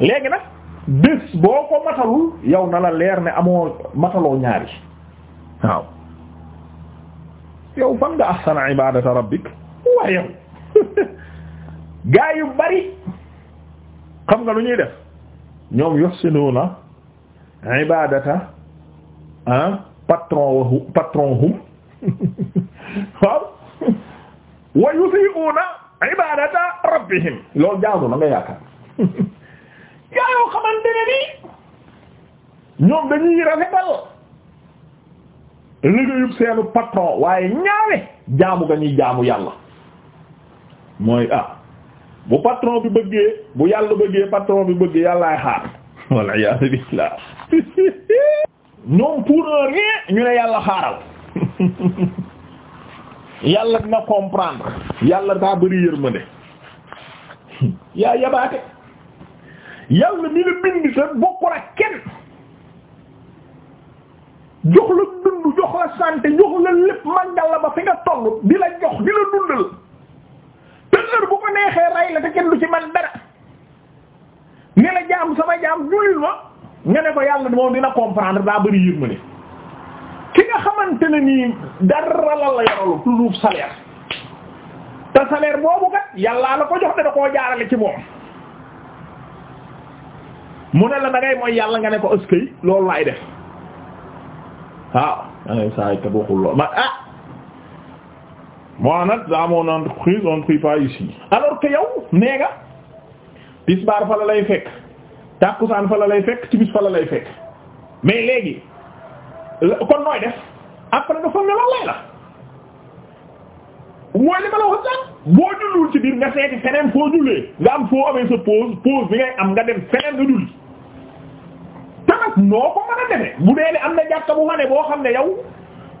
léegi nag bés boo ko matalul yow na la leer ne amoo mataloo ñaari waaw yow fan nga ahsana rabbik waaye yow gaa bari xam nga lu ñuy def ñoom yuhsinuna ibadata ah patron wahu patron hum waaw wa yusiuna rabbihim loolu jaamu na nga yaakaar gaa yoo xamante ñoom dañuy rafetal liggéeyub seenu patron waaye ñaawe jaamu ga ñuy jaamu yàlla mooy ah bu patron bi bëggee bu yàlla bëggee patron bi bëggee yàllaay xaar yàlla billaah ñoom pour un rien ñu ne yàlla xaaral yàlla dina comprendre yàlla daa bari yërmande yaa yabaate yàlla mi la bind sa bokkul ak kenn jox la dund jox la santé jox la lépp màggal la ba fi nga toll di la jox di la dundal te heure bu ko neexee rey la te kenn du ci man dara ne la jaam sama jaam julil ma nga ne ko yàlla moom dina comprendre daa bëri yërmande ki nga xamante ne nii dara la la yoralu lu salaire te salaire boobu kat yàllaa la ko jox da koo jaarale ci moom mu ne la da mooy yàlla nga ne ko ëskay loolu laay def waaw da ngay saa yi te bokkul lool ma ah moi nag dans mon entreprise on ne fait pas ici alors yow nee nga tisbaar fa la lay fekk tàkkusaan fa la lay fekk timis fa la lay fekk mais léegi kon nooy def après nga foog ne loolu lay la mooy li ma la wax sax boo ci biir nga seeti feneen foo jullee nga am foo amee sa pause pause bi ngay am nga dem feneen nga julli ak noo ko mën a defe bu dee ne am na jàkka bu ma boo xam ne yow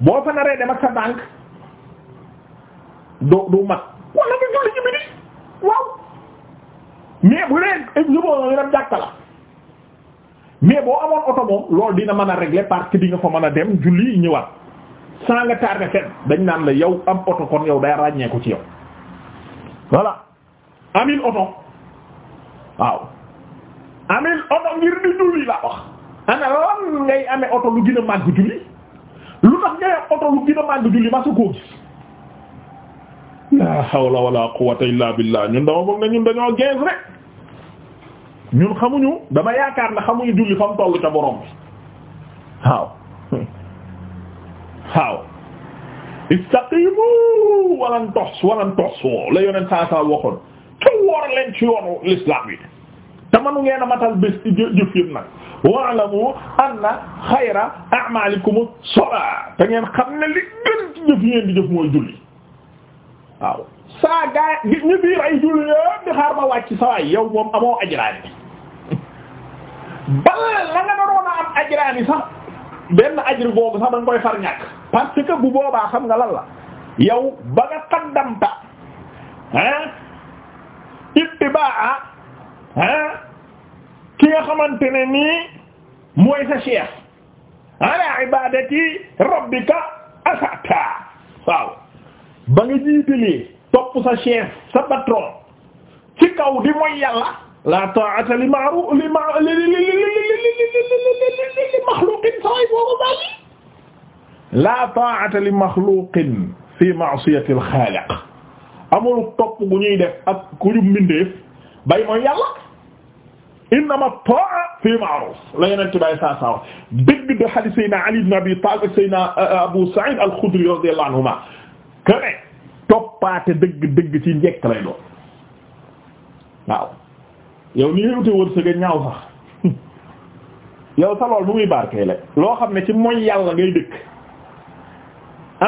boo fa naree dem ak sa banque doo doo mat wala nga julli ci biti waaw mais bu dee yóbboo ñu jàkka la mais boo amoon oto moom lool dina mën a régler parce di nga fa mën a dem julli ñëwaat sans nga tardé dañ naan la yow am oto kon yow day ràññeeku ci yow voilà amin oto waaw amin oto ngir di julli la wax ana lan ngay amee oto lu gën a màgg julli lu tax ngay oto lu gën a màgg julli ma su koo gis wala quwwata illa billah ñun dama foog ne ñun dañoo gees rek ñun xamuñu dama yaakaar ne xamuñu julli fa mu tollu ca borom bi waaw waaw istaqimu walan tos walan tos la yoneen saa saa waxoon te woor leen ci yoonu l'islam yi te manu ngeen a matal bés ci jëf yëpp nag wa'lamu anna xayra a'malikum as-salat te ngeen xam ne li gën ci jëf ngeen mooy julli waaw saa gaay gis biir ay julli yëpp di xaar ma wàcc sa yow moom amoo ajraani bal la nga naroon a am ajraani sax benn ajri googu sax da nga far ñàkk parce que bu xam nga lan la yow ba qaddamta ah ittibaa ah ki nga xamante ne nii mooy sa cheikh ala ibadati rabbika asata waaw ba nga jiitalee topp sa chef sa patron ci kaw di mooy yàlla la ta'ata li ma'ruf li ma li li li li li makhluqin saway boobu bàyyi la ta'ata li makhluqin fi ma'siyati al khaliq amul topp gu ñuy def ak ku ñu mbindeef bay mooy yàlla innama ta'a fi ma'ruf la yonent bay saa saa wax dëgg de hadith Seydina Ali ibn Abi Talib ak euh, euh, Abu Sa'id al-Khudri radiyallahu anhuma que ne toppaate dëgg ci njekk lay doon wërsëg a ñaaw sax yow sa lool bu muy barkee loo xam ne ci mooy yàlla ngay dëkk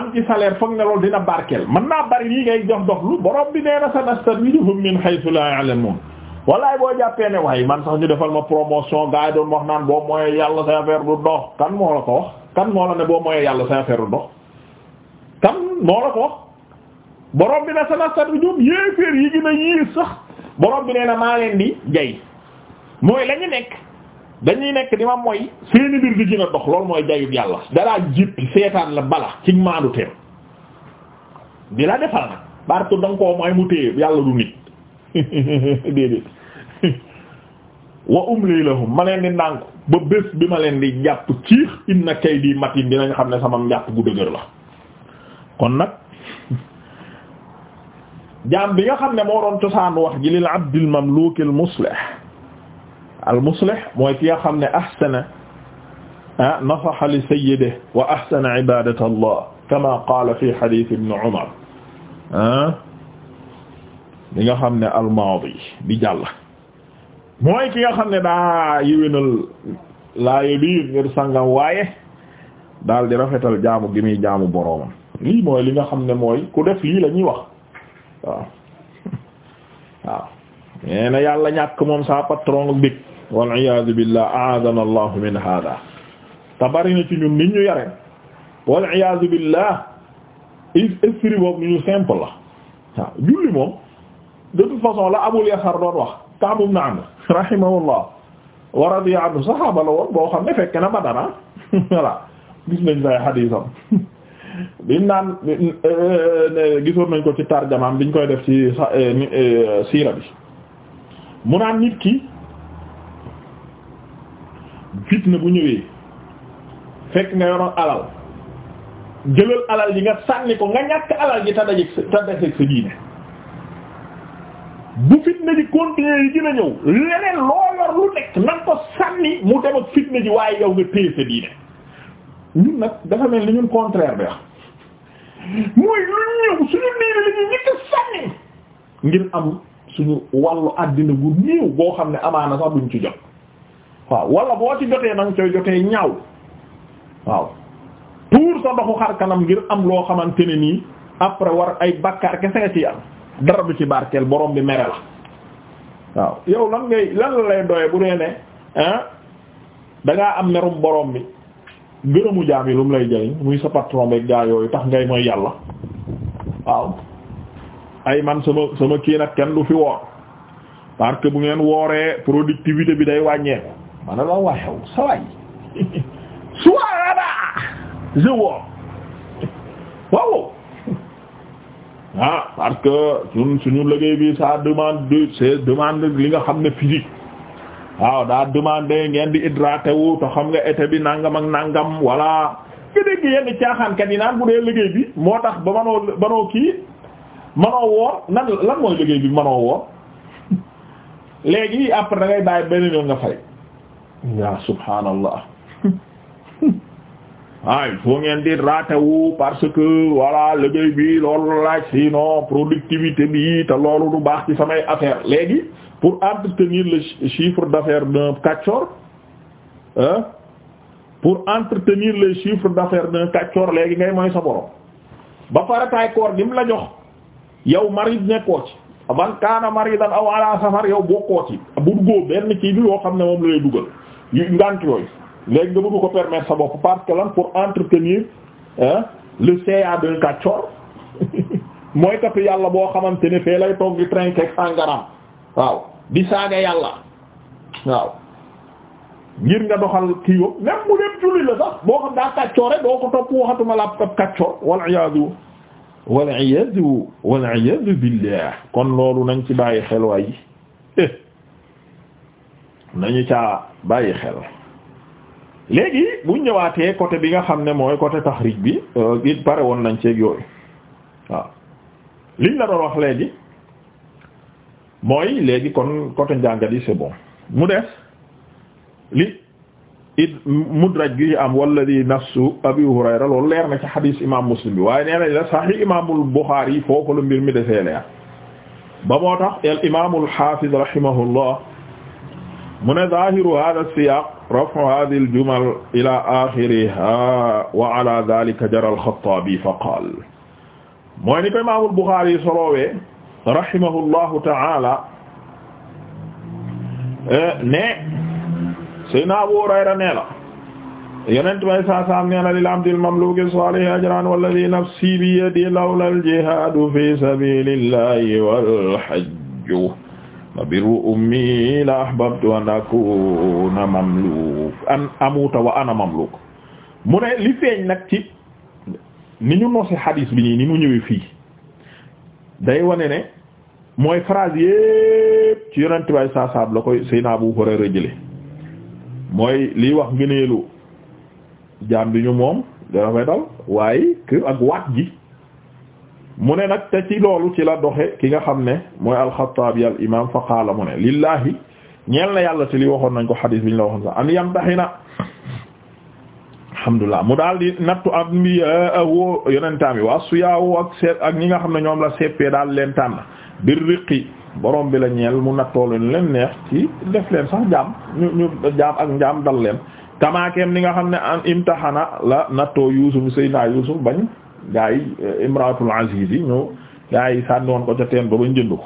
am ci foog ne loolu dina barkeel man naa bari lii ngay jox dox lu borom bi nee na sanastadrijuhum min haythu la ya'lamun wallaay boo jàppee ne waaye man sax ñu defal ma promotion gars yi doon wax naan boo mooy yàlla sa affaire du dox kan moo la ko wax kan moo la ne boo mooy yàlla sa affaire du dox kan moo la ko wax borom bi na sa nastatujum yéeféer yi gën a yiis sax borom bi nee na maa leen di jay mooy lañu nekk dañuy nekk di ma mooy seeni mbir di gën a dox loolu mooy jayub yàlla dalaa jippi seetaan la bala ci maandu teem bi la defal nag bartu danga koo mooy mu déedéet wa umli lahum ma leen di ndànk ba bés bi ma leen di jàpp ciix inna kaydi matin dinañ xam ne sama njàpp gu dëgër la kon nag jaam bi nga xam ne moo doon cosaan wax ji lil abdil mamluuk al muslih al muslih mooy ki nga xam ne ahsana ah nasaha li sayyidihi wa ahsana ibadata allah kama qaala fi hadith ibn umar ah li nga xam ne almaadi bi jàll mooy ki nga xam ne daa yéwénal laayo biir ngir sàngam waaye daal di rafetal jaamu gi muy jaamu boroomam lii mooy li nga xam ne mooy ku def lii la ñuy wax waaw waaw nee na yàlla ñàkk moom sa patron big wal iyaadu billah aadana allahu min hada te bari ci ñun nit ñu yare wal iyaadu billah esprit boobu ñu simple la waaw julli moom de façon la amul Yasar doon wax Ka'b ibn Amr rahimahullah wa radiya anhu saxaaba woon boo xam ne fekk na Badara ah. voilà gis nañ lay xadiisam biñ naan euh, euh, euh, gisoon nañ ko ci tarjamaam biñ koy def ci siira bi mu naan nit ki fitna bu ñëwee fekk nga yoroon alal jëlal alal yi nga sànni ko nga ñàkk alal ji te sa diine bu fitna ji continuer yi dina ñëw leneen loo yor lu nekk na ko sànni mu dem ak fitna ji waaye yow nga téye sa diine ñun nag dafa mel ni ñun contraire bi wax mooy lu ñëw suñu diine la ñu njëkk a sànni ngir am suñu wàllu àddina gu néew boo xam ne amaana sax duñ ci jot waaw wala boo ci jotee nag coy jotee ñaaw waaw tuur sa doxu xar kanam ngir am loo xamante ne nii après war ay bakkaar kese nga ci am dara bu ci barkel boroom bi mere la waaw yow lan ngay lan la lay doye bu dee ne da ngaa am merum borom bi gërëmu jaam yi lu mu lay jëriñ muy sa patron beeg gaa yooyu tax ngay mooy yàlla waaw ay man sama sama kii nag kenn du fi woor parce bu ngeen wooree productivité bi day wàññeeku man la waxew sa waay suwaada je woor waaw ah parce que ñun suñu liggéey bi saa demande du c'est demande li nga xam ne physique waaw daa demandé ngeen di hydraté wu te xam nga été bi nangam ak nangam voilà nga dégg yenn caaxaankat yi naan bu dee liggéey bi moo tax ba manoo manoo kii manoo woor nan lan mooy liggéey bi manoo woor léegi après da ngay bàyyi benn yoon nga fay ya subhaanallah ah il ngeen di ratewu parce que voilà liggéey bi loolu laaj sinon productivité bi te loolu du baax ci samay affaire léegi pour entretenir le chiffre d'affaires d'un kaccoor hein pour entretenir le chiffre d'affaires d'un kaccoor léegi ngay mooy sa borom ba parataay koor gi la jox yow mari nekkoo ci man kaana maridan aw ala safar yow bokkoo ci bu duggoo benn kii bi yoo xam ne moom la lay dugal yu ngant yooyu léegi nga bëgg ko permettre sa bopp parce pour entretenir le CA d'un mooy katu yàlla boo xamante ni fee lay toog di trinquer sangaram waaw di saaga yàlla waaw ngir nga doxal kii yóp même mu dem julli la sax boo xam daa kàccoore doo ko topp waxatuma la ab kàccoor wal iyaadu wal iyaadu wal iyaadu billah kon loolu nañ ci bàyyi xel waaye nañu caa bàyyi xel léegi bu ñëwaatee côté bi nga xam ne mooy côté taxrij bi euh, it pare woon nañ ceeg yooyu waaw liñ la doon wax léegi mooy léegi kon côté njàngat yi c'est mu des li it mudraj gi am walladi nafsu abi hurayra loolu leer na ci xadiis imam muslim bi waaye nee nañ la sahih imamul buxaari yi foofu la mbir mi desee leer ba moo tax al imamul xaafiz rahimahullah mu ne zahiru hada siyaq rafu hadhihi al-jumal ila akhiriha wa ala dhalika jara al-Khattabi fa qaal mooy ni ko Imaam al-Bukhari solowee rahimahullahu ta'ala e, ne Seydina Abu Hurayra nee la yonent bay saasaam nee na lil abdil mamluki salih ajran walladhi nafsi biyadihi lawla al-jihadu fi sabilillahi wal hajj wa birru ummi la ahbabtu an mamluk an amuta wa ana mamluk mu ne li feeñ nag ci ni ñu noosi xadiis bi nii ni mu ñëwee fii day wane ne mooy phrase yépp ci yonent saasaab la koy Seydina Abu Hurayra jële mooy liy wax ngëneelu jaam bi ñu moom dafay dal waaye kër ak waat ji mu ne nag te ci loolu ci la doxe ki nga xam ne mooy alxataabi al imam fa qaala mu ne lillahi ñeel na yàlla te li waxoon nañ ko xadiis bi ñu la waxoon sax an yamtaxina alhamdulillah mu daal di nattu am bi woo yonentaam yi waa suyaawu ak seet ak ñi nga xam ne ñoom la seppee daal leen tànn bir riqi borom bi la ñeel mu nattoolu leen neex ci def leen sax jaam ñu ñu jaam ak njaam dal leen kamaakeem ni nga xam ne an imtaxana la nattoo yuusuf seydinaa yuusuf bañ gaa yi eh, imraatul aziz yi ñëw gaa yi ko ca teen ba bañ jënd ko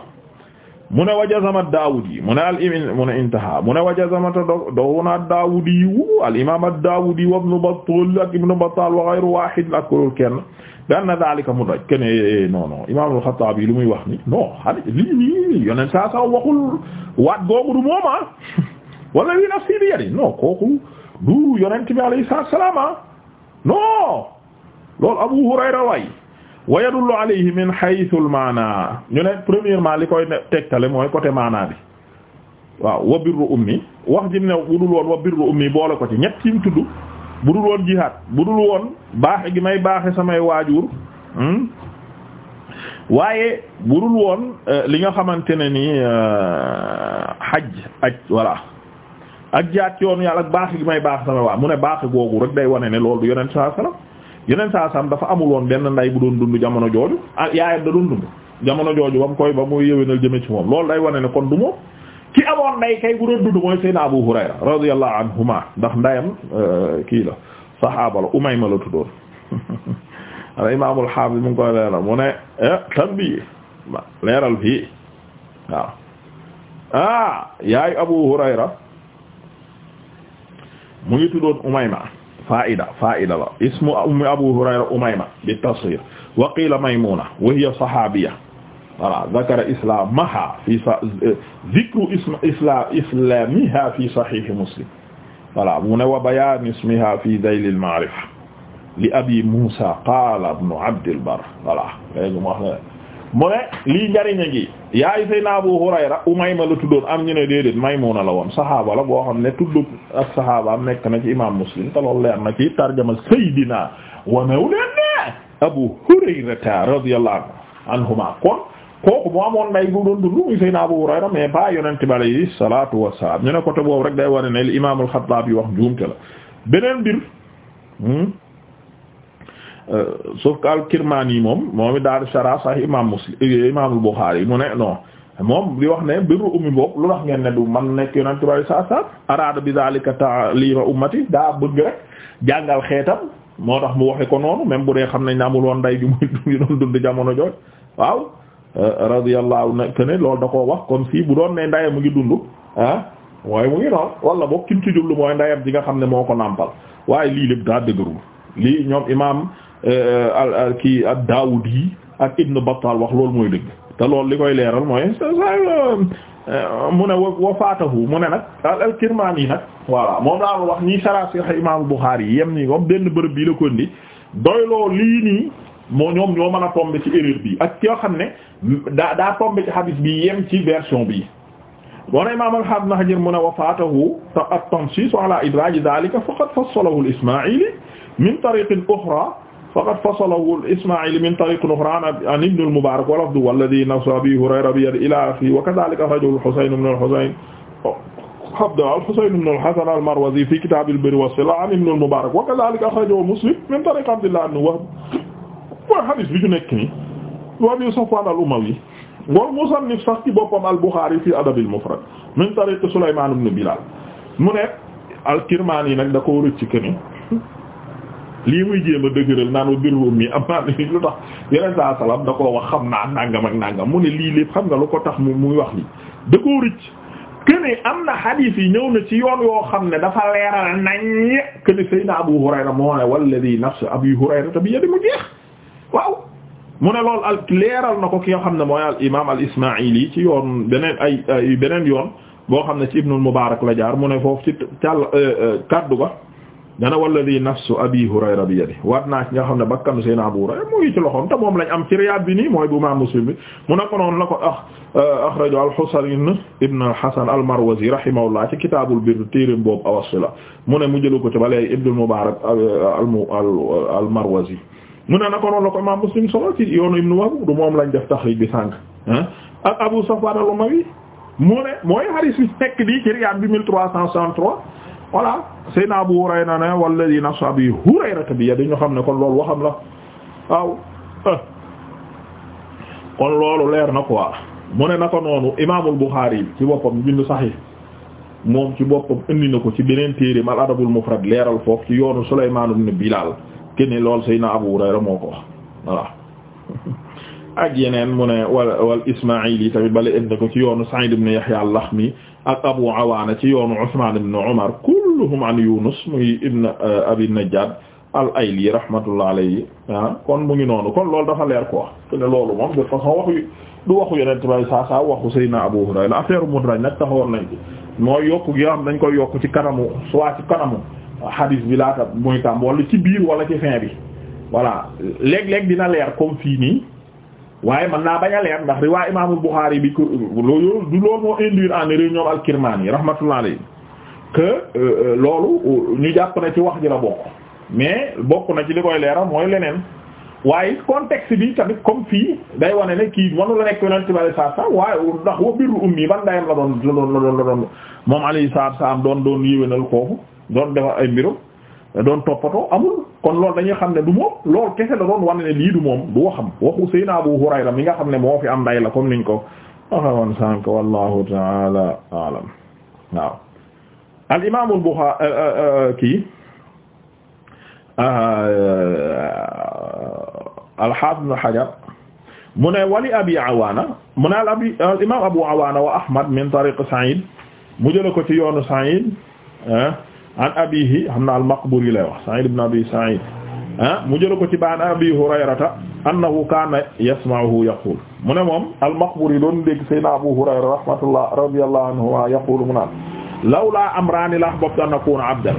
mu wajazama al imin mu ne intaha wajazama ta do doxu daawudi al imaam ad daawudi wa ibnu Battaal ak ibnu Battaal wa ghayru waahid ak kuréel kenn daan na daalika mu daj que ne eh, non non imaamul Xattaabi lu muy wax ni non xale lii nii yoneen saa saa waat googu du ah. wala li nafsi bi yadi non kooku du yonent bi alayhi salaam ah non. loolu Abu Hurayra waay wa yadullu alayhi min haythu al maana ñu ne premièrement li koy tegtale mooy côté maana bi waaw wa birru ummi wax ji ne bu dul woon wa birru ummi boole ko ci ñett yim tudd bu dul woon jihaad bu dul woon baaxe gi may baaxe samay waajur hmm? waaye bu dul woon euh, li nga xamante ne ni xaj euh, aj voilà ak jaat yoon yàlla ak baaxe gi may baaxe samay waajur mu ne baaxe googu rek day wane ne loolu yeneen yonent sallallahu alayhi yeneen saa sam dafa amul woon benn nday bu doon dund jamono jooju ah, yaayam da doon dund jamono jooju ba mu koy ba mu yëwénal jëme ci moom loolu day wane ne kon du moom ki amoon nday kay bu doon dund mooy Seydina Abu Hurayra radiyallahu anhuma ndax ndayam euh, kii la sahaaba la Umayma la tuddoon ala imaamul faa'ida faa'ida la ismu ummi Abu Hurayra Umayma bi tasghir wa qila Maymuna wa hiya sahabiyya voilà zakara islamaha fi sa zikru isla islamiha fi sahih Muslim voilà mu ne wa bayan ismiha fi dhayl al-ma'rifa li abi Musa qala ibn Abd al-Barr voilà mu ne lii njariñ a ngi yaayu Seydina Abu Hurayra Umayma la tuddoon am ñu ne may Maymuna la woon saxaaba la boo xam ne tudd ak saxaabaam nekk na ci imaam Muslim te loolu leer na ci tarjama Seydina wa mawlana Abu Hurayrata radiyallahu anhuma kon kooku mu amoon nay bu doon dundu muy Seydina Abu Hurayra mais ba yonent bi alayhi salaatu wassalaam ñu ne côté boobu rek day wane ne imaamul Xattaabi wax njuumte la beneen mbir hmm? Euh, sauf que al-Kirmaani moom moom it daal shara sahih imaam Muslim eh, imaamul Buxaari mu ne non moom di wax ne birru ummi boobu lu tax ngeen ne du man nekk yonent bi saa saa araada bi zaalika ta'liima ummati daa bëgg rek jàngal xeetam moo tax mu waxe ko noonu même bu dee xam nañ ne amul woon ndey ju muy doon dund jamono jooju waaw. Euh, radiyallahu anhu ne loolu da koo wax kon si bu doon ne ndeyam mu ngi dund ah waaye mu ngi noonu wala boog kim ci jublu mooy ndeyam ji nga xam ne moo ko nàmpal waaye lii Euh, euh, al kii ak Daawud yi ak Ibn Battal wax loolu mooy dëgg te loolu li koy leeral mooy euh, mu ne wa faatahu mu ne nag al-Kirmaani nag voilà moom laa wax ñi sara Sahih Imaam Buxaari yi yem nii moom benn bërëb bii la ko indi doyloo lii nii moo ñoom ñoo mën a tombe ci erreur bi ak yoo xam ne daa daa tombe ci hadith bi yem ci version bi moo ne Imaam al-Haafiz Ibn Hajar mu ne wa faatahu at-tansiis ala idraaj daalika faqad fassalahu al-Ismaa'iili min tariiqin uxraa faqad fasalahu al-Isma'ili min tariqin ukhra an ibn al-Mubarak wa lafdu walladhi nafsu Abi Hurayra bi yadihi ila akhihi wa kadhalika akhrajahu al-Husayn ibn al-Husayn Abdallah al-Husayn ibn al-Hasan al-Marwazi fi kitab al-Birr wa as-Sila an ibn al-Mubarak wa kadhalika akhrajahu Muslim min tariq Abdillah ibn Wahb wa hadith bi ñu nekk nii wa Abi Safwan al-Umawi wal musannif sax ci boppam al-Bukhari fi Adab al-Mufrad min tariq Sulayman ibn Bilal mu ne al-Kirmani nag da ko rëcc lii muy jéem a naan wa birru mi am naa ni lu tax yeneen saa salaam da koo wax xam naa nàngam ak nanga mu ne lii lépp xam nga lu ko tax mu muy wax li da koo rëcc am na xadiis yi ñëw na ci yoon yoo xam ne dafa leeral nañ këne Seydina Abu Hurayra moo ne walladi nafsu Abi Hurayra bi yadi mu jeex waaw mu ne lool al leeral na ko ki nga xam ne mooy al imaam al Ismaa'ili ci yoon beneen ay beneen yoon boo xam ne ci Ibnul Mubaarak la jaar mu ne foofu ci càll euh, euh, kaddu ga dana walladi nafsu abi hurayra bi yadi waat naa ne bakkanu seen abu hurayra mu ngi ci loxoom moom lañ am ci riyaad bi nii mooy bu ma muslim bi mu na ko noonu la ko ah, eh, axrajo al-husayn ibn al al-marwazi rahimahullah ci kitaabul birr téereem boobu awasila mu ne mu jëlu ko ci ba léegi ibn al-mubarak eh, al-marwazi mu ne na ko la ko imam muslim solo ci yoonu ibn wahb du moom lañ def taxrij bi sànq eh? ak abu safwan al-umawi mu ne mooy hadith bi nekk di ci riyaad bi 1363 voilà Seydina Abu Hurayra ne walladhi nafsu Abi Hurayrata bi yadihi ñu xam ne kon loolu waxam la waaw eh. kon loolu leer na quoi mu ne na ko noonu Imaamul Bukhari ci boppam bind Sahih moom ci boppam indi na ko ci beneen téere Al Adabul Mufrad leeral foofu ci yoonu Sulaymaan ibn Bilaal kenn lool Seydina Abu Hurayra moo ko wax voilà ak yeneen mu ne wal wal Ismaa'ili tamit bale indi ko ci yoonu Sa'id ibn Yahya al-Lakhmi ak Abu Awaana ci yoonu Usmaan ibn Umar kulluhum an Yunus muy ibn uh, Abi Najjaad al-Ayli rahmatullah alayhi ah kon mu ngi noonu kon lool dafa leer quoi te ne loolu moom de façon waxu du waxu yeneen bay saa saa waxu Seydina Abu Hurayra affaire mudraj nag taxawoon nañ ci mooy yokku gi nga dañ koy yokk ci kanamu soit ci kanamu hadis bi laata muy tàmm wala ci biir wala ci fin bi voilà léeg-léeg dina leer comme fii nii. waaye mën naa bañ a leer ndax riwaay imaamul Buxaari bi loolu du loolu moo induire en erreur ñoom al-Kirmaani rahmatullah alayhi que euh, euh, loolu euh, ñu jàpp na ci wax ji la bokk mais bokk na ci li koy leeral mooy leneen waaye contexte bi tamit comme fii day wane ne kii mënu la nekk yonent bi alayhi salaatu salaam waaye ndax wa birru ummi ban ndayam la doon la doon la doon moom alayhi salaatu salaam doon doon yéwénal kooku doon defar ay mbirum doon toppatoo amul kon loolu dañuy xam ne du moom loolu kese la doon wane lii du moom du waxam waxu Seydina Abu Hurayra mi nga xam ne moo fi am nday la comme niñ ko waxawoon sànk wallahu taala alam waaw al imam euh, euh, euh, abu awaana wa ahmad min tariq Sa'id mu jële ko ci yoonu Sa'id an abihi xam na al-Maqburi lay wax Sa'id ibn Abi Sa'id ah mu jëla ko ci baan Abi Hurayrata annahu kaana yasma'uhu yaqul mu ne moom al-Maqburi doon dégg Seydina Abu Hurayra rahmatullah radiyallahu anhu yaqulu mu naan lawlaa amraani lahbabtu an akuna abdan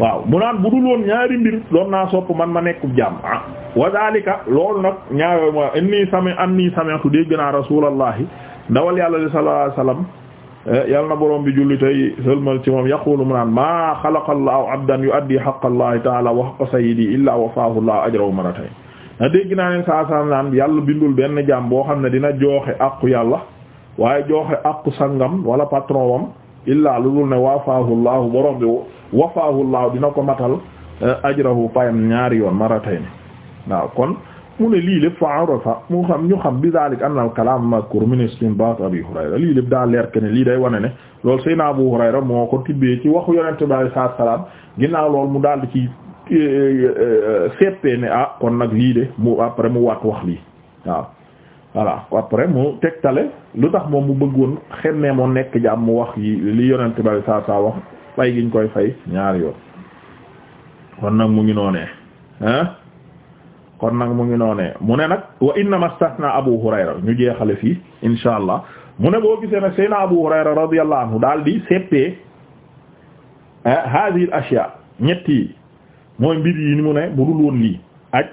waaw mu naan bu dul woon ñaari mbir doon naa sopp man ma nekk jaam ah wa daalika loolu nag ñaar yooyu mooy inni sami anni sami'tu dégg naa rasulallahi ndawal yàlla sallallahu alayhi wasallam Eh, yal na borom bi julli tey sëlmal ci moom yaqulu mu naan maa xalaqa allahu abdan yu'addi haqqa allahi ta'ala wa haqqa sayyidi illaa wafaahu ajrahu marratayn na dégg naa ne naan yàlla bindul benn jaam boo xam ne dina jooxe àqu yàlla waaye jooxe àqu sangam wala patron wam illaa lu dul ne wafaahu allahu borom bi wafaahu dina ko matal eh, ajrahu payam ñaari yoon marratayn waaw kon. mu ne lii lépp fa arafa mu xam ñu xam bi dalik anna al kalam mazkur min istinbat abi hurayra lii lépp daa leer ke ne lii day wane ne lool loolu sayna abu hurayra moo ko tibbee ci waxu yonente bi alai salatua salam ginnaaw loolu mu daal di ci eh, eh, eh, seppee ne ah kon nag lii de mu après mu waat wax lii waaw voilà après mu tegtale lu tax moom mu bëggoon xemmee moo nekk jaam mu wax yi li yonente bi alai salatua salam wax fay giñ koy fay ñaar yoon kon nag mu ngi noonee kon nag mu ngi noonee mu ne nag wa innama stathna Abu Hurayra ñu jeexale fii insha allah mu ne boo gisee nag Seydina Abu Hurayra radiyallahu anhu daal di seppee eh, hadhihi al ñetti mooy mbir yi ni mu ne bu dul woon lii aj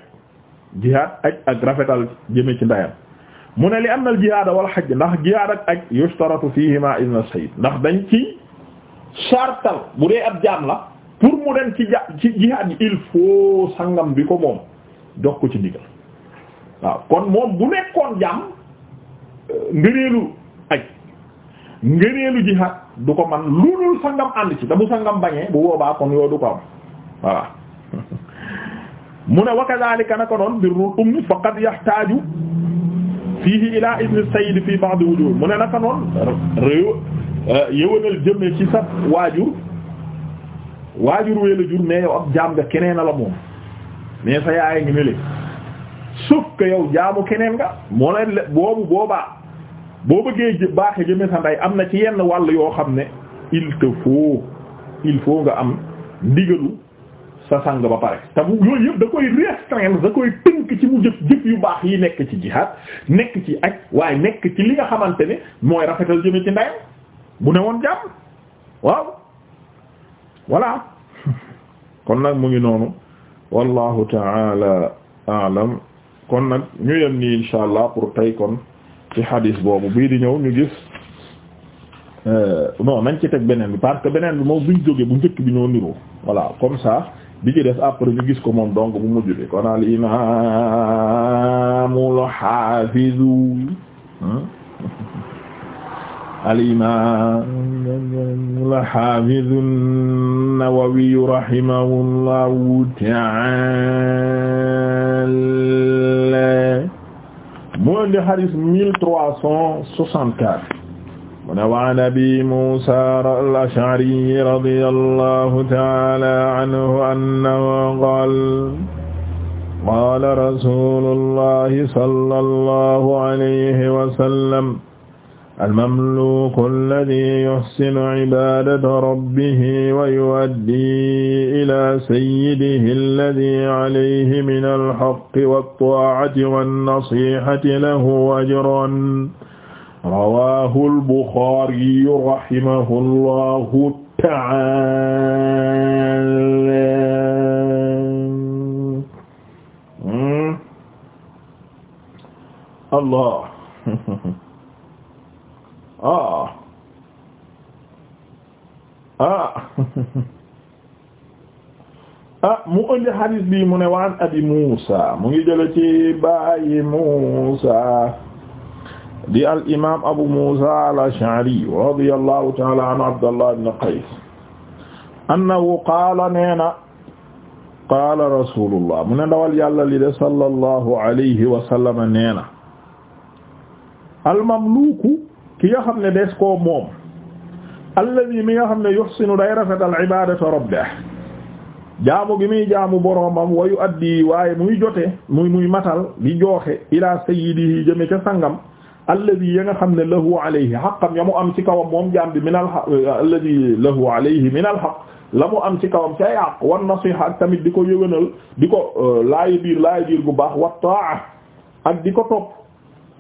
jihaad aj ak rafetal jëme ci ndayam mu ne li anna al jihaada wal hajj ndax jihaad ak aj yushtaratu fihima idna sayid ndax dañ ci sartal mu dee ab jaam la pour mu dem ci jihaad il faut sangam bi ko moom jox ko ci ndigal waaw kon moom bu nekkoon jàmm ngëneelu aj ngëneelu jihaad du ko man lu dul sangam ànd ci te bu sangam bañee bu boobaa kon yooyu du ko am voilà mu ne wa kadhalika naka noon birrul ummi faqad yahtaju fiihi ila idni sayyid fi ba'd wujuh mu ne naka noon réew euh, yëwanal jëmee ci sa waajur waajur wee la jur mais yow ab jaam nga keneen a la moom mais sa yaay ngi nele sauf que yow jaamu keneen nga moo leen le boobu boobaa boo bëggee baaxe jëme sa ndey am na ci yenn wàll yoo xam ne il te faut il faut nga am ndigalu sa sang ba pare te bu yooyu yëpp da koy restreindre da koy tënk ci mu jëf jëf yu baax yi nekk ci jihaad nekk ci ak waaye nekk ci li nga xamante ne mooy rafetal jëme ci ndeyam bu ne woon jàmm waaw voilà kon nag mu ngi noonu wallahu taala aalam kon nag ñu yem nii insha allah pour tey ci hadis boobu bii di ñëw ñu gis euh, non nañ ci beneen bi parce que beneen bi moom buñ jógee bu njëkk bi ñoo niroo voilà comme ça bi ci des après ñu gis ko moom donc bu mujj bi kon al imaamul xaafizu hmm? al-imaam al-haafiz an-Nawawi rahimahullahu ta'aala mu indi hadiis mille trois cent soixante-quatre mu ne wa an Abi Muusaa al-Ash'ari radiyallahu ta'aala anhu annahu qaala qaala rasuulullahi sallallahu alayhi wa sallam almamluku alladi yuxsinu cibaadata rabbihi wa yu'addi ila sayyidihi alladi alayhi min alhaqqi wattaacati wannasihati lahu ajrun rawahu albuxaariyu rahimahu allahu taala allah ah ah ah mu indi hadis bi mu ne waan abi Muusa mu ngi jële ci baayi Muusa di al imaam abu Muusa al-Ash'ari radiyallahu ta'ala anhu Abdallah ibn Qays annahu qaala neena qaala rasulullah mu ne ndawal yàlla li de sallallahu alayhi wa sallam neena al mamluku ki nga xam ne des koo moom alladi mi nga xam ne yuhsinu day rafetal ibadata rabbih jaamu gi muy jaamu boroomam wa yuaddi waaye muy jote muy muy matal gi jooxe ila sayyidihi jëme ca sangam alladi ya nga xam ne lahu alayhi xaqam ya mu am ci kawam moom jaam bi min al haq alladi lahu alayhi min la mu am ci kawam ci ay àq wan ak tamit di ko yëwénal di ko euh, laayi biir laayi biir bu baax wa taa ak di ko topp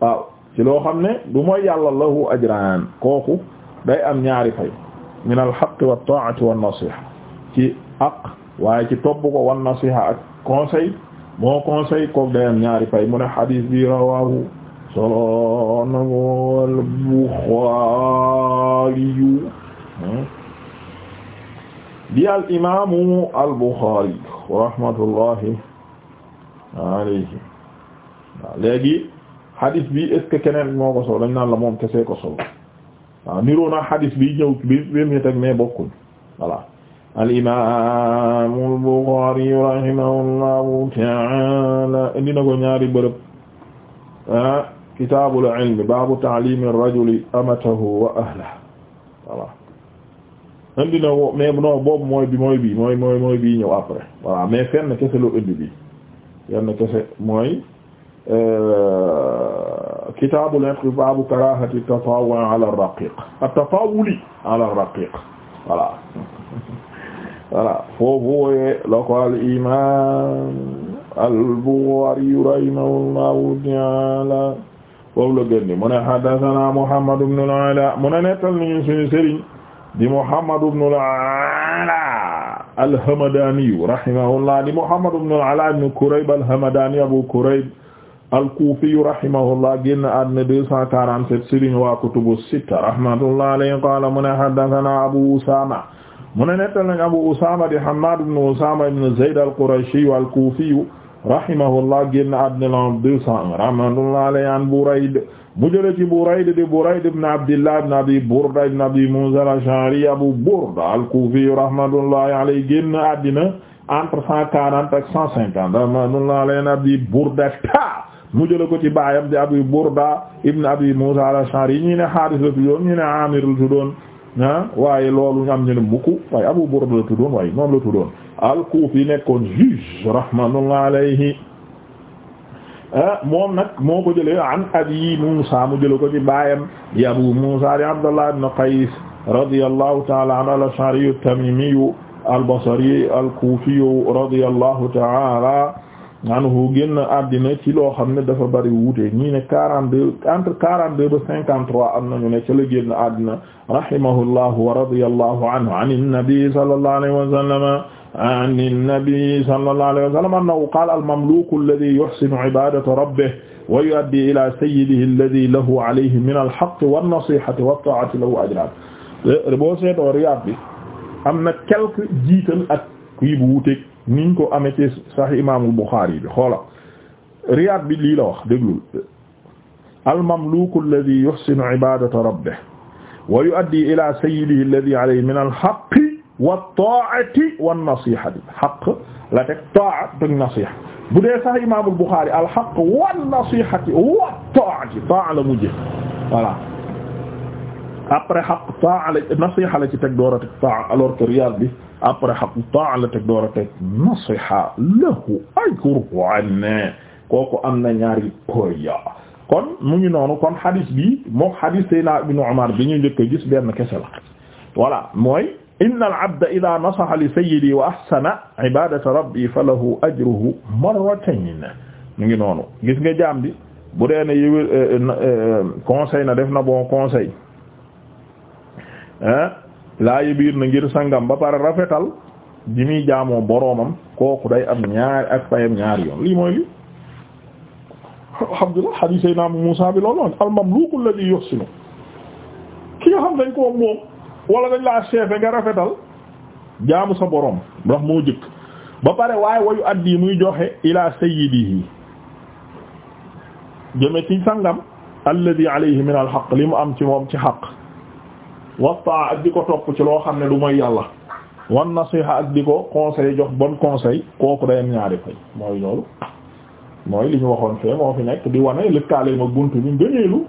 waaw ci loo xam ne du mooy yàlla lahu ajran kooku day am ñaari fay min al haqq wa ta'ati wa nasiha ci aq waaye ci topp ko wan nasiha ak conseil moo conseil kooku day am ñaari fay mu ne hadis bi rawahu solo na ko al Bukhari bi al imaamu al Bukhari rahmatullahi alayhi léegi hadith bi est ce que keneen moo ko solo dañ naan la moom kese ko solo waaw niroo na hadith bi ñëw bi bi mu teg mais bokkuñ voilà al imam al Bukhari rahimahullahu ta'ala indi na ko ñaari bërëb ah kitabul ilm babu ta'lim ar-rajuli amatahu wa ahlihi voilà indi na wo mais non boobu mooy bi mooy bi mooy mooy mooy bi ñëw après voilà mais fenn kese loo indi bi fenn kese mooy Euh, kitaabul irq baabu karaahati tatawwu ala raqiq at-tatawwuli ala raqiq voilà voilà foofu la ko al imaam al-Buxaari rahimahullahu ta'aala foofu la gën di mu ne haddasanaa Muhammad ibn al-Alaa mu ne nettal nañu suñu sëriñ di Muhammad ibn al-Alaa al-Hamdaani rahimahullah di Muhammad ibn al-Alaa ibn Kurayb al-Hamdaani Abu Kurayb al-Kuufiyu rahimahullah génn àddina deux cent quarante-sept sëriñ waa kutubu sitta rahmatullah alayhi qaala mu ne haddathana Abu Usaama mu ne nettal nañ Abu Usaama di Hammaad ibn Usaama ibn Zayd al-Qurashiyu al-Kuufiyu rahimahullah génn àddina lan deux cent un rahmatullah alayhi an Burayd mu jële ci Burayd di Burayd ibn Abdillah ibn Abi Burda ibn Abi Muusaa al-Ash'ari Abu Burda al-Kuufiyu rahmatullahi alayhi génn àddina entre cent quarante ak cent cinquante rahmatullah alayhi Abi Burda mu jëla ko ci baayam di Abu Burda ibn Abi Musa al-Ash'ari ñi ne Haaris la tuddoon ñi ne Amir la tuddoon ah waaye loolu ñu am ñu ne mukk waaye Abu Burda la tuddoon waaye moom la tuddoon al-Kufi nekkoon juge rahmatullah alayhi moom nag moo ko jëlee an Abi Musa mu jëla ko ci baayam di Abu Musa di Abdullah ibn Qays radiyallahu ta'ala anhu al-Ash'ari at-Tamimi al-Basri al-Kufi radiyallahu ta'ala anhu génn àddina ci loo xam ne dafa bari wuute ñii ne quarante deux entre quarante deux ba cinquante trois am nañu ne ca la génn àddina rahimahullahu wa radiyallahu anhu an innabi sallallahu alayhi wa sallam an innabi sallallahu alayhi wa sallam annahu qaala al-mamluku alladhi yuhsinu ibadata rabbih wa yu'addi ila sayyidihi alladhi lahu alayhi min al-haqqi wan-nasihati wat-ta'ati lahu ajran boo seetoo Riyaad bi am na quelque jiital ak kii bu wuute niñ ko amee ci Sahih Imaamul Buxaari bi xoola Riyaad bi lii la wax déglul almamluku alladi yuxsinu ibadata rabbih wa yuaddi ila sayyidihi alladi alayhi min alxaqi wattaati wannasihati xaq la teg taa teg nasiha bu dee sax imaamul Buxaari alxaq wannasihati wattaati taa la mujje voilà après xaq taa la nasiha la ci teg door a teg taa alors que Riyaad bi après xaqu taa la teg door a teg nasiha lahu ajruhu kooku am na ñaari poya kon mu ngi noonu kon hadis bi mook hadis sayna ibnu Umar bi ñu njëkk gis benn kese la voilà mooy inna al-abda idha nasaha li sayyidi wa ahsana rabbi falahu ajruhu marratayn mu ngi noonu gis nga jaam bi bu dee ne eh, eh, eh, conseil na def na bon conseil laayi biir na ngir sangam ba pare rafetal ji muy jaamoo boroomam kooku day am ñaari ak fayam ñaari yoon lii mooy li alhamdulillah hadith ay naam Muusaa bi loolu al mamluku alladhi yuhsinu ki nga xam dañ ko moom dañ laa chefe nga rafetal jaamu sa boroom ndax moo jëkk ba pare waaye wayu addi muy joxe ila sayyidihi jëme ci sangam alladhi alayhi min al haqq li mu am ci moom ci xaq wattaa ak di ko topp ci loo xam ne du mooy yàlla wan nasiha ak di ko conseil jox bon conseil kooku day am ñaari fay mooy loolu mooy li ñu waxoon fee moo fi nekk di wane lëkkaale ma bunt bi ngëneelu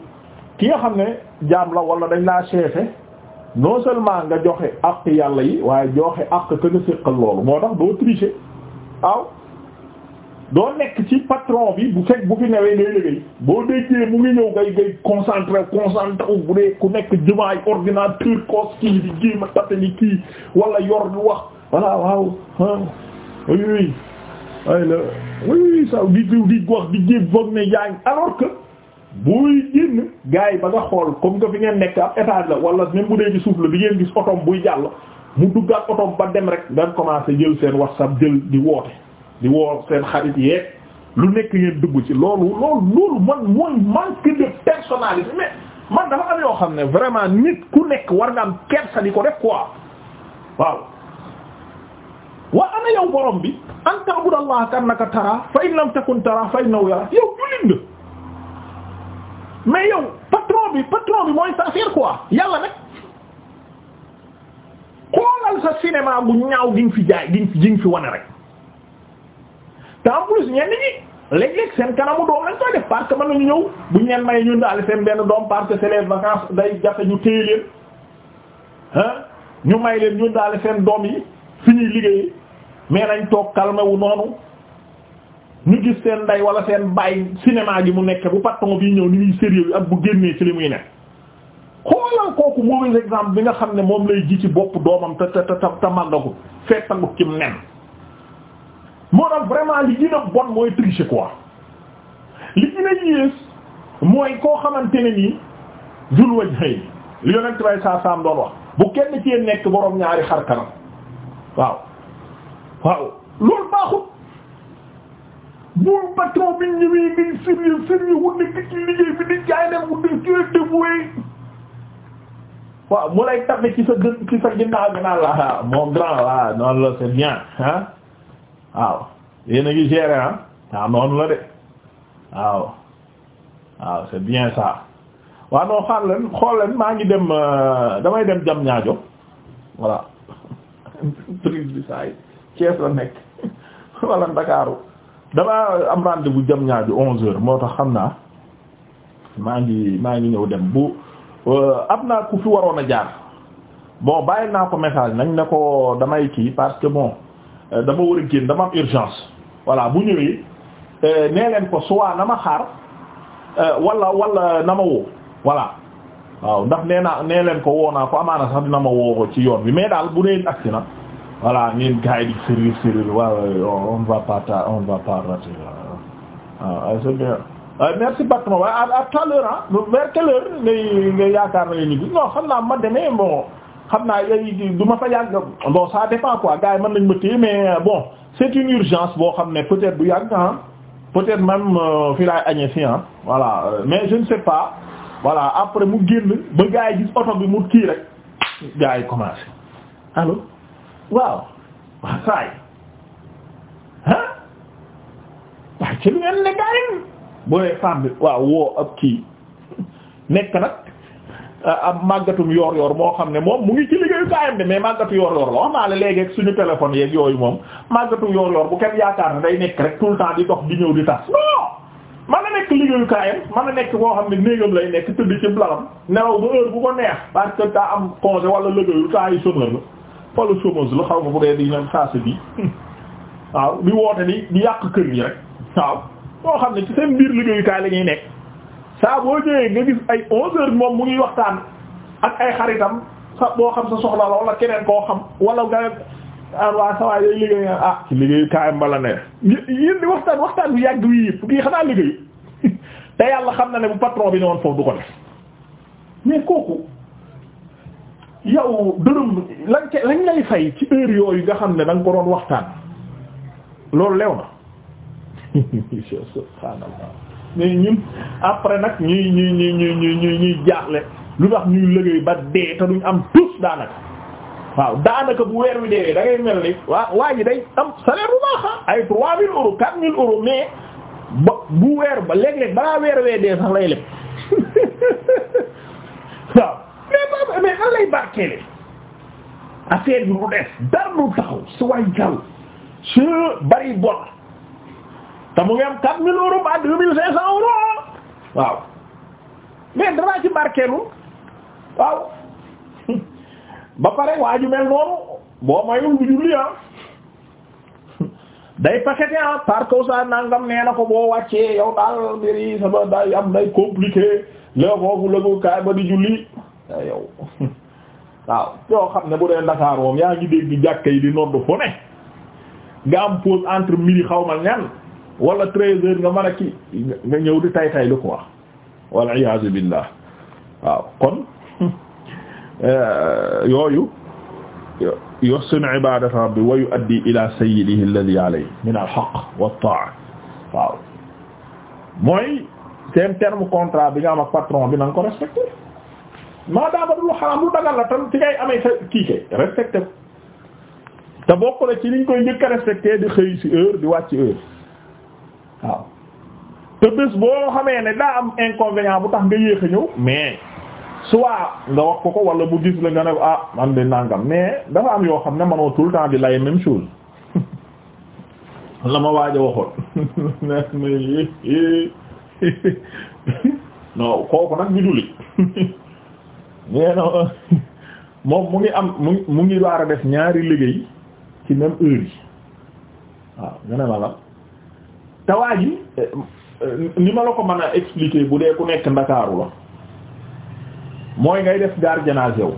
ki nga xam ne jaam la wala dañ laa seefe non seulement nga joxe àq yàlla yi waaye joxe àq que nga séqal loolu moo tax doo tricher waaw doo nekk ci patron bi bu fekk bu fi newee ngay liggéey boo déggee mu ngi ñëw ngay ngay concentré concentré bu dee ku nekk jëmaay ordinateur koos kii di géima tatali kii wala yor du wax voilà waaw oui ay la oui saw di diw di wax di ne yaa ngi alors que buy yi ba nga xool comme que fi ngeen nekk ab étage la wala même bu dee ci suuf la bi ngeen gis otom buy jàll mu duggaat otom ba dem rek nga commencé jël seen WhatsApp jël di woote di woo seen xarit yeeg lu nekk ngeen dugg ci loolu loolu loolu man mooy manque de personnalité mais man dafa am yoo xam ne vraiment nit ku nekk war nga am kersa ko def quoi waaw waa ana yow borom bi an ta'budallaha kannaka tara fa in lam takun tara fa innahu yara yow jullit nga mais yow patron bi patron bi mooy sa affaire quoi yàlla nag xoolal sa cinéma bu ñaaw gi nga fi jaay gi nga fi wane rek te en plus ñenn ñi léeg-léeg seen kanamu doom lañ koy def parce que mën nañu ñëw bu ñeen may ñun daal seen benn doom parce que c'est day jafe ñu téye leen ah ñu may leen ñun daal seen doom yi fi ñuy liggéey mais nañ toog calme wu noonu ñu gis seen nday wala seen baay cinéma gi mu nekke bu patron bi ñëw ni muy sérieux ak bu génnee ci li muy nekk xoolal kooku mauvais exemple bi nga xam ne moom lay ji ci bopp doomam te te te te màggagu fettagu cim moo tax vraiment li gën bon mooy tricher quoi li gën a yées mooy koo xamante ne nii dul waj xëy li yonent saa saam doon wax bu kenn ci nekk boroom ñaari xar kanam waaw waaw loolu baaxut bu patron bi ñëwee ngay sérieux sérieux wu nekk ci liggéey bi di jaay ne mu def ci dévoué waaw mu lay tax ci sa gën ci sa ginnaaw bi la ah, mon grand ah non la c'est bien waaw yéen ngi gérer ah waaw noonu la de waaw waaw c'est bien ça waaw non xaar leen xool leen maa ngi dem euh, damay dem jam ñaajo voilà prise bi saa yi Thiès la nekk wala Ndakaaru damaa am rendez-vous jam ñaajo onze heures moo tax xam naa maa ngi maa ngi ñëw dem bu euh, am naa ku fi waroon a jaar bon bàyyi naa ko message nañ ne ko damay kii parce que bon Euh, dama war a génn dama urgence voilà bu ñëwee euh, nee ko soit na ma xaar euh, walla wala na ma woo voilà waaw ndax nee naa nee leen ko woo naa ko amaana sax dina ma woo ci yoon bi mais daal bu dee agsi na voilà ñeen gars yi di waaw on va pas on va pas rater waaw c'est bien merci Batma waaye à tout à l'heure ah vers quelle heure ngay ngay yaakaar na nga ñibbi non xam naa ma demee bon xam naa yooyu du ma fa yàgg bon ça dépend quoi gars yi mën nañ ma téye mais euh, bon c'est une urgence boo xam ne peut-être du yàgg ah peut-être euh, fi laay añee si ah voilà mais je ne sais pas voilà après mu génn ba gars yi gis oto bi mu kii rek gars yi commencé allo waaw waaw saa yi ah waaye ci lu ngeen ne gars yi bu dee femme bi waaw kii nekk nag. Euh, am màggatum yoor yoor moo xam ne moom mu ngi ci liggéeyu kaayam de mais màggatu yoor yoor la wax naa la léegi ak suñu téléphone yeeg yooyu moom màggatu yoor yoor bu kenn yaakaar ne day nekk rek tout le di dox di ñëw di tas non man a nekk liggéeyu kaayam man a nekk koo xam ne néegam lay nekk tëdd ci blalam nelaw ba heure bu ko neex parce que daa am congé wala liggéeyu taa yi la wala chômeuse la xaw ma bu dee di ñoom saasa bi waaw di woote di di yàq kër yi rek waaw xam ne ci seen biir liggéeyukaay la ñuy nekk saa boo ñëwee nga gis ay onze heures moom mu ngi waxtaan ak ay xaritam sa boo xam sa soxla la wala keneen koo xam wala nga ah waa liggéey nga ah ci liggéey kaayam mbala ne yéen di waxtaan waxtaan bu yàgg wi yëpp kii xanaa liggéey te yàlla xam na ne bu patron bi ne woon foofu du ko def mais kooku dërëm lañ ca lañ lay fay ci heure yooyu nga xam ne da nga ko doon waxtaan loolu lew na subhaanallah ne ñun après nag ñuy ñuy ñuy ñuy ñuy ñuy jaaxle lu tax ñuy liggéey ba dee te duñ am tous daanaka waaw daanaka bu weer wi deewee da ngay mel ni waa waa ji day am salaire bu baax ah. ay 3000 euros 4000 euros mais ba bu weer ba léeg-léeg balaa weer wee dee sax lay leb waaw mais ba mais an lay barkeele affaire bi du des dara du taxaw si waay jàll su bari bor te mu ngi am 4000 euros ba 2500 euros waaw mais danaa ci barkeelu waaw ba pare waa mel noonu boo mayul bu julli ah day paqueté ah par nangam nee ko boo wàccee yow daal mbir yi sama day am day compliqué la foofu lëgu kaay ba di julli eh, a yoo xam ne bu dee Dakar yaa ngi dégg jàkka yi di nodd fu ne nga am pause entre midi xaw ma wala treize heures nga mën a ki nga ñëw di tay tay lu ko wax wal iyaazu kon euh, yooyu yuhsinu ibadata rabbi wa yuaddi ila sayyidihi alladhi alayhi min al mooy seen term contrat bi nga am ak bi na nga ko respecté maadaama du lu xaraam lu dagal la tam ci ngay liñ koy di xëy ci di wàcc heure waaw te boo xamee ne daa am inconvénient bu tax nga yéex a ñëw mais soit nga wax ko ko wala bu gis la nga ne ah man de nangam mais dafa am yoo xam ne manoo tout le temps di lay même chose la ma waaj waxoon non kooku nag bi duli moom mu ngi am mu mu ngi war a def ñaari liggéey ci même heure yi waaw nga ne ma la te waa ji ni eh, ma la ko man a expliquer bu dee ku nekk ndakaaru la mooy ngay def gardiennage yow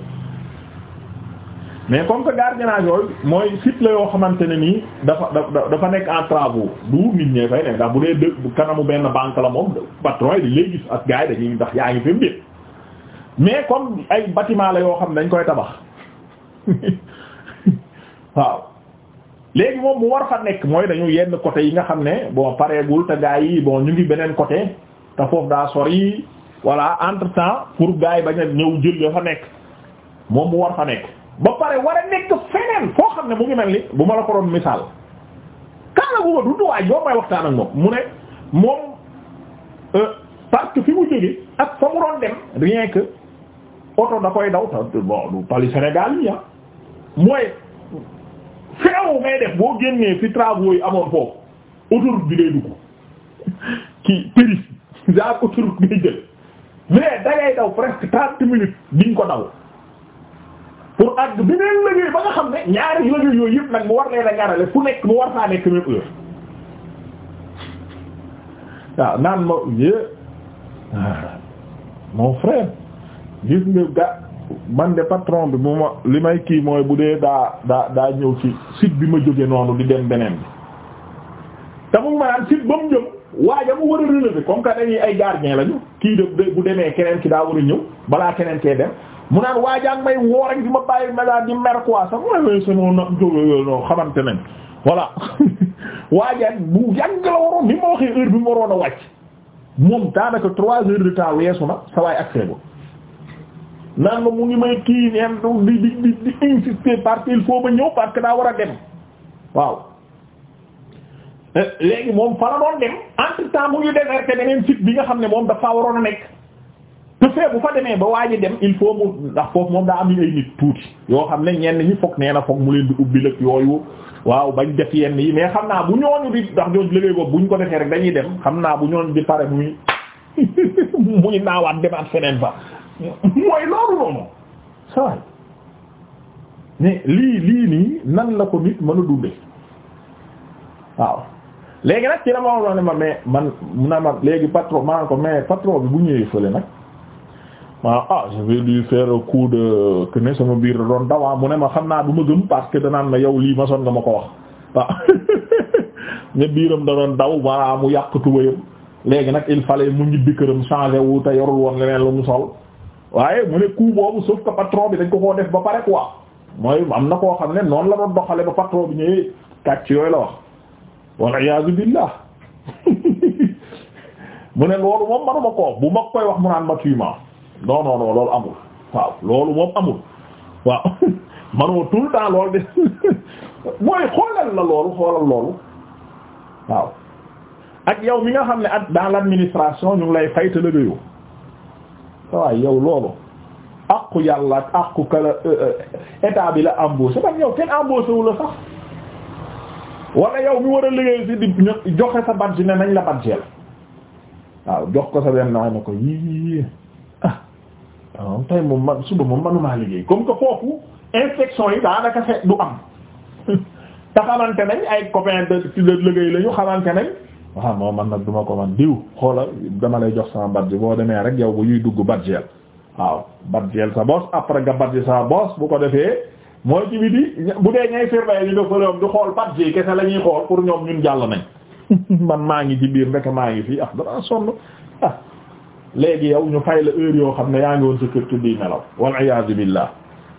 mais comme que gardiennage yooyu mooy site la yoo xamante ne nii dafa dafa nekk en travaux du nit ñee fay nekk ndax bu dee dë kanamu benn banque la moom patron yi di léegi ak gars yi dañuy ndax yaa ngi fi mu mais comme ay bâtiment la yoo xam ne dañ koy tabax waaw léegi moom mu war fa nekk mooy dañu yenn côté yi nga xam ne bon pareegul te gaa yi boo ñu ngi beneen côté te foofu daa sori voilà entre temps pour gaa yi bañ a ñëw jël yoo fa nekk moom mu war fa nekk. ba pare war a nekk feneen foo xam ne mu ngi mel ni bu ma la ko doon misaal kaana bu ma dund waay boo may waxtaan ak moom mu ne moom euh, parce que fi mu jóge ak fa mu doon dem rien que oto da koy daw te bon Sénégal yi ah mooy. yow def boo génnee fi travaux yi amoon foofu autoroute bi ngay dugg kii péris genre autoroute ngay jël mais dangay daw presque trente minutes diñ ko daw pour àgg beneen liggéey ba nga xam ne ñaari liggéey yooyu yëpp nag mu war leen a ñaarale fu nekk mu war faa nekk même heure waaw naan ma yé ah, mon frère gis nga ga man de patron bi mu ma li may kii mooy bu dee daa daa daa ñëw ci sit bi ma jógee noonu di dem beneen bi te mu ma naan site ba mu jëm waaja mu war a relever comme que dañuy ay gardien lañu kii de bu demee keneen ki daa war a ñëw balaa keneen kee dem mu naan waajaa ak may woo rek di ma bàyyi ma daal di mer quoi sax mooy mooy sama na jóg xamante nañ voilà waaja bu yàgg la waroon ni ma waxee heure bi mu waroon a wàcc moom daanaka trois heures de weesu na waay accès naan ma mu ngi may kii neen di di di di insister parce qu'il faut ma ñëw parce que daa war a dem waaw eh, léegi moom fa la doon dem entre temps mu ngi déserté beneen bi nga xam ne moom dafa waroon a nekk te bu fa demee ba waaji dem il faut mu ndax foofu moom daa am ay nit tuuti yoo xam ne ñenn ñi foog nee na foog mu leen di ubbi lëg yooyu waaw bañ def yenn yi mais xam naa bu ñooñu di ndax ñooñu liggéey boobu buñ ko defee rek dañuy dem xam naa bu ñooñu di pare muy muy naawaat demaat feneen fa mooy loolu noonu saway mais lii lii nii nan la ko nit mën a dunde waaw léegi nag ci la ma wax ma ne ma léegi patron ma ko mais patron bi ma ah, ne sama biir da doon dawaa ah, mu ne ma xam naa du ma gëm parce que danaan ma yow lii ma son nga ma ko wax ah ne biiram da doon daw walla mu yàq tubayam léegi nag il fallait mu ñibbi këram changer wu te yorul woon leneen lu mu sol waaye mu ne coup boobu sauf que patron bi dañ ko koo def ba pare quoi mooy am na koo xam ne noonu la doon doxale ba patron bi ñëwee kàcc yooyu la wax wal iyaazu billah mu ne loolu moom manuma koo bu ma koy wax mu naan ma tuuma loolu amul waaw loolu moom amul waaw tout le temps loolu de mooy xoolal la loolu xoolal loolu waaw ak yow mi nga xam ne at dans l'administration ñu ngi lay fay te la waaye yow loolu àqu yàlla àqu kala euh, euh, état bi la embauché man yow kenn embauché la sax wala yow mi war a liggéey si di joxe sa badge ne nañ la badgeel waaw jox ko sa benn waaye ne ko yii ah waaw tey moom man suba moom manumaa liggéey comme que foofu infection yi daanaka fe du am te xamante nañ ay copains de liggéey la ñu xamante nañ. waaw ah, moo man nag duma ko man diw xoolal dama lay jox sama badge boo demee rek yow bu ñuy dugg badgeel waaw badgeel sa boos après nga badge sa boos bu ko defee mooy ci biti bu dee ñay surveiller ñu dafa réom di xool badge yi kese la ñuy xool pour ñoom ñun jàll nañ man maa ngi ci biir ndeke maa ngi fii ah dara sonn ah léegi yow ñu fay la heure yoo xam ne yaa ngi woon sa kër ci di nelaw wal iyaazu billah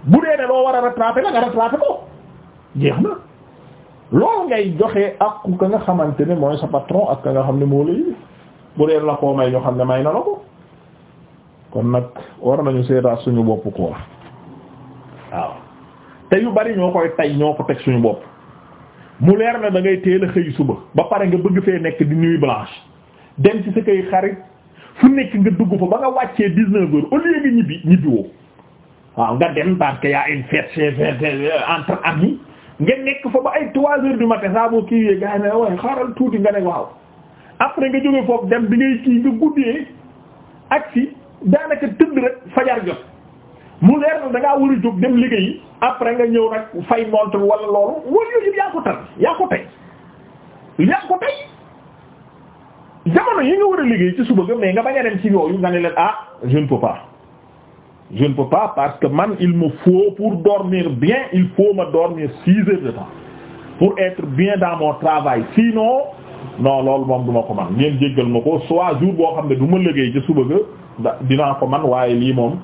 bu dee ne loo war a rattraper la nga rattraper ko na loolu ngay joxe ak ku nga xamante ne mooy sa patron ak ka nga xam ne moo la yëg bu dee la koo may ñu xam ne may na la ko kon nag war nañu seetaat suñu bopp ko waaw te yu bari ñoo koy tay ñoo ko teg suñu bopp mu leer na da ngay teel a xëy suba ba pare nga bëgg fee nekk di ñuy blanche dem ci sa kay xarit fu nekk nga dugg fa ba nga wàccee dix-neuf heures au lieu nga ñibbi ñibbi woo waaw nga dem parce que y a une fête entre amis ngeen nekk fa ba ay trois heures du matin saa boo kii yee gars yi ne waaye xaaral tuuti nga ne waaw après nga jógee foofu dem bi ngay kii nga guddee ak si daanaka tëdd rek fajar jot mu leer na da war a jóg dem liggéeyi après nga ñëw nag fay montre wala loolu wala yooyu yaa ko tar yaa ko tey yaa ko tey jamono yi nga war a liggéey ci suba ga mais nga bañ a dem ci yooyu nga ne leen ah je ne je ne peux pas parce que man il me faut pour dormir bien il faut ma dormir six heures de temps pour être bien dans mon travail sinon non loolu moom du ma ko man ngeen jéggal ma ko soit jour boo xam ne du ma liggéey ci suba ga ko man waaye lii moom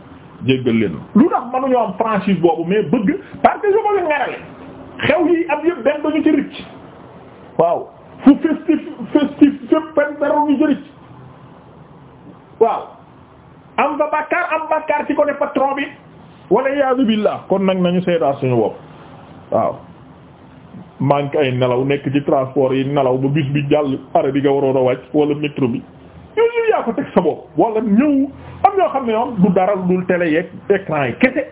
jéggal leen lu tax mënuñoo am franchise boobu mais bëgg parce que je me le ngarale xew yi am yëpp benn dañu ci ricc waaw fu festif festif fépp benn dara ñu ci am nga bàkkaar am bàkkaar ci côté patron bi wala iyaazu billah kon nag nañu seedaat suñu bopp waaw manque ay nelaw nekk ci transport yi nelaw ba bis bi jàll arrêt bi nga a wàcc wala métro bi yow ñu yaa ko teg sa bopp wala ñëw am ñoo xam ne yoon du dara dul télé yeeg écran yi kese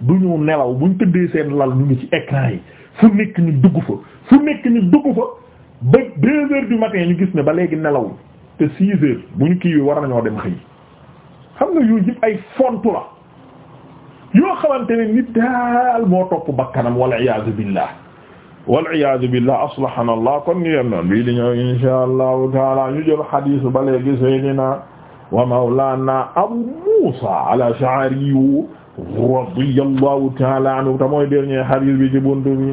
du ñu nelaw buñ tëddee seen lal ñu ngi ci écran yi fu nekk ñu dugg fa fu nekk ñu dugg fa ba deux heures du matin ñu gis ne ba léegi nelaw te six heures bu ñu kii wi war nañoo xam nga yooyu yëpp ay fontu la yoo xamante ne nit daal moo topp bakkanam wal iyaazu billah wal iyaazu billah aslahana allah kon ñu yem noon bii di ñëw inshaa allahu taala ñu jël xadiis ba léegi seydina wa mawlaana abu muusa ala shaariyu radiyallahu taala anhu te mooy dernier xadiis bi ci buntu bi